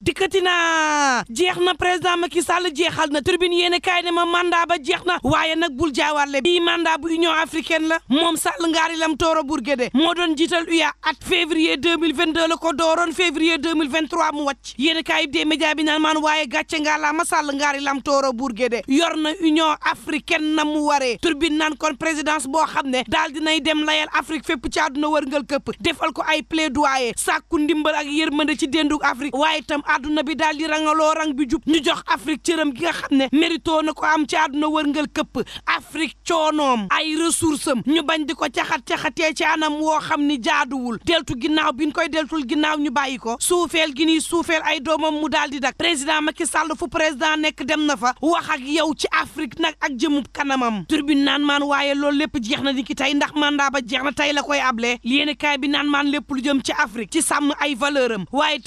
dikkati na jeex na président Macky Sall jeexal na tribune yéen kaay ne ma mandat ba jeex na waaye nag bul jaawaale bii mandat bu Union africaine la moom Sall ngaari lam tooro Bourguédé moo doon jiital UA at février 2022 la ko dooroon février 2023 mu wàcc yéen kaay des médias bi naan maan waaye gàcce ngaa laa ma Sall ngaari lam tooro Bourguédé yor na Union africaine na mu waree tribune naan kon présidence boo xam ne daal dinay dem layal Afrique fépp ci àdduna wërngal këpp defal ko ay plaidoyer sàkku ndimbal ak yërmande ci dénduk Afrique waaye tam àdduna bi daal di rangaloo rang bi jub ñu jox Afrique cëram gi nga xam ne mérito na ko am ci àdduna wërngal këpp Afrique coonoom ay ressources am ñu bañ di ko caxat caxatee ci anam woo xam ni jaaduwul deltu ginnaaw bi ñu koy deltul ginnaaw ñu bàyyi ko suufeel gi ni suufeel ay doomam mu daal di dak président Macky Sall fu président nekk dem na fa wax ak yow ci Afrique nag ak jëmub kanamam turbine naan maan waaye loolu lépp jeex na ni ki tey ndax man daa ba jeex na tey la koy able yéen bi naan maan lépp lu jëm ci Afrique ci sàmm ay valeur am waaye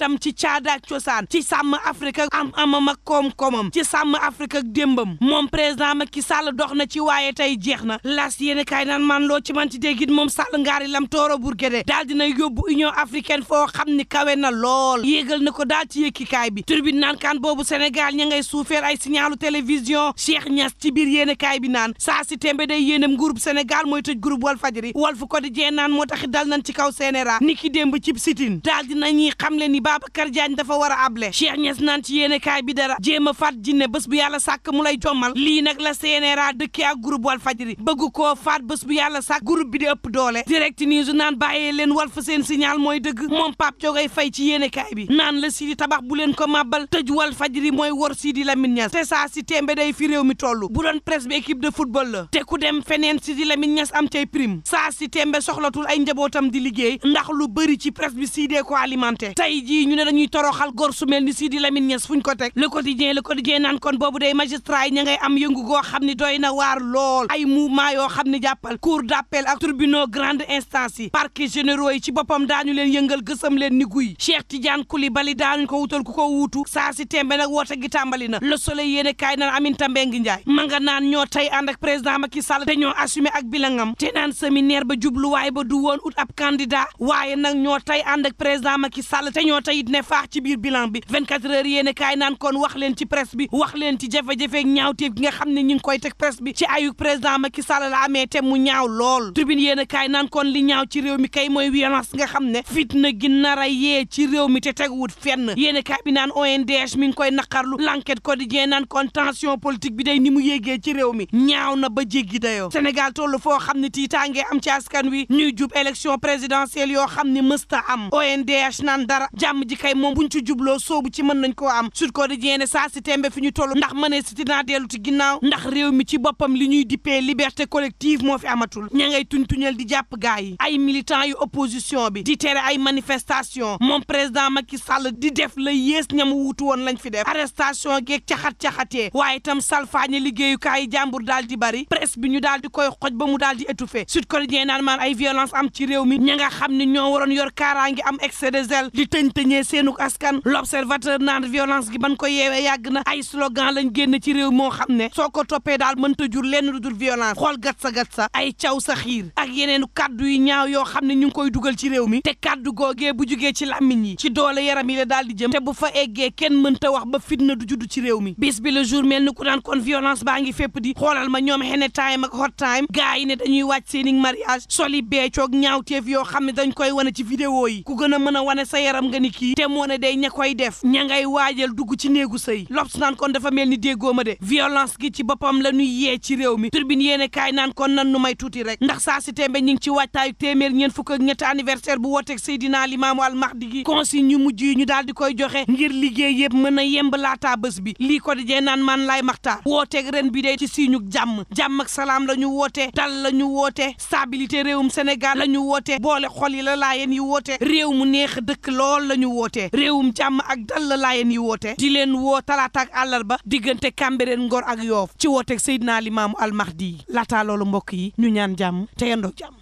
cosaan ci sàmm Afrique am amam ak koom-koomam ci sàmm Afrique ak moom président Macky Sall dox na ci waaye tey jeex na las yéen kaay naan man loo ci man ci moom Sall ngaari lam tooro daal dina yóbbu Union africaine foo xam ni kawe na lool yéegal na ko daal ci yëkkikaay bi turbine naan kaan boobu Sénégal ña ngay suufeer ay signalu télévision Cheikh Niass ci biir yéen kaay bi naan saa si tembe day yéenam nguurub Sénégal mooy tëj groupe a able Cheikh Niass naan ci yéene kaay dara jéem a faat jinne bés bu yàlla sàkk mu lay jommal lii nag la CNRA dëkkee ak groupe Walf Fadjri bëgg koo faat bés bu yàlla sàkk groupe bi di ëpp doole direct news naan bàyyee leen Walf seen signal mooy dëgg moom Pape Diogay Faye ci yéene kaay bi naan la Sidi tabax bu leen ko màbbal tëj Walf Fadjri mooy wor Sidi Lamine Niass te saa si tembe day fi réew mi toll bu doon presse bi équipe de football te ku dem feneen Sidi Lamine Niass am tey prime saa si ay njabootam di liggéey ndax lu bëri ci presse bi Sidee ko góor su mel ni Sidi Lamine Niass fu ñu ko teg le quotidien le quotidien naan kon boobu day magistrat yi ña ngay am yëngu goo xam ne doy na waar lool ay mouvement yoo xam ne jàppal cour d'appel ak tribunaux grande instance yi parquet généraux yi ci boppam daañu leen yëngal gësam leen ni guy Cheikh Tidiane Koulibaly daañu ko wutal ku ko wuutu saa si tembe nag woote gi tàmbali na le soleil yéene kaay naan Aminata Mbengue Ndiaye ma nga naan ñoo tey ànd ak président Macky Sall te ñoo assumé ak bilangam te naan séminaire ba jubluwaay ba du woon ut ab candidat waaye ñoo tey ànd ak président Macky Sall te ñoo tey it ne faax ci biir bilan bilan bi 24 heures yéen a kaay naan kon wax ci presse bi wax leen ci jafe-jafe ñaawteef gi nga xam ne ñi ngi koy teg presse ci ayuk président Macky Sall la amee te ñaaw lool tribune yéen a naan kon li ñaaw ci réew mi kay mooy violence nga xam ne fitna gi nar a yee ci réew mi te teguwut fenn yéen a bi naan ONDH mi ngi koy naqarlu l'enquête quotidien naan kon tension politique bi day ni mu ci réew mi ñaaw na ba jéggi dayoo Sénégal toll foo xam ne tiitaange jubloo soobu ci mën nañ ko am Sud Quotidien ne saa si tembe fi ñu toll ndax mënee si dinaa dellu ci ginnaaw ndax réew mi ci boppam li ñuy dippee liberte collective moo fi amatul ña ngay tuñ-tuñal di jàpp gaa yi ay militants yu opposition bi di tere ay manifestation moom président Macky Sall di def la yées ñam wuutu woon lañ fi def arrestation geeg caxat-caxatee waaye itam salfaañe liggéeyukaay yi jàmbur daal di bari presse bi ñu daal di koy xoj ba mu daal di étouffé Sud Quotidien naan maan ay am ci réew mi ña nga xam ne ñoo waroon yor kaaraangi am excès de zèle di tëñ askan l'observateur naan violence gi ban ko yeewee yàgg na ay slogan lañ génn ci réew moo xam ne soo ko toppee daal mënta jur lenn lu dul violence xool gat sa gat sa ay caw ak yeneenu kàddu yu ñaaw yoo xam ne ñu ngi koy dugal ci réew mi te kaddu googee bu jugee ci làmmiñ yi ci doole yaram yi la daal di jëm te bu fa eggee kenn mënta wax ba fitna du judd ci réew mi bis bi le jour mel ni ku naan kon violence baa ngi fépp di xoolal ma ñoom xene time ak hot time gars yi ne dañuy wàcc seeni mariage soli beecoog ñaawteef yoo xam ne dañ koy wane ci vidéo yi ku gën a mën a wane sa yaram nga ni kii te moo ne day koy def ña ngay waajal dugg ci néegu sëy lobs naan kon dafa mel ni déggoo ma de violence gi ci boppam la ñuy yee ci réew mi turbine yéene kaay naan kon nan nu may tuuti rek ndax saa si tembe ñi ngi ci waajtaayu téeméer ñeen fukk ak ñetti anniversaire bu wooteeg Seydina Limaamu Al Mahdi gi consigne ñu mujj yi ñu daal di koy joxe ngir liggéey yëpp mën a yemb laataa bés bi lii ko dijee naan man laay maxtaar wooteeg ren bi dee ci siiñu jàmm jàmm ak salaam la ñu woote dal la ñu woote stabilité réewum Sénégal la ñu woote boole xol yi la laayeen yi woote réew mu neex dëkk lool la ñu woote réewum jàmm ak dal la laayeen yi woote di leen woo talaata ak àllarba diggante Cambérène Ngor ak Yoof ci wooteeg Seydina Limaamu Almahdi di laataa loolu mbokk yi ñu ñaan jàmm te yendoo jàmm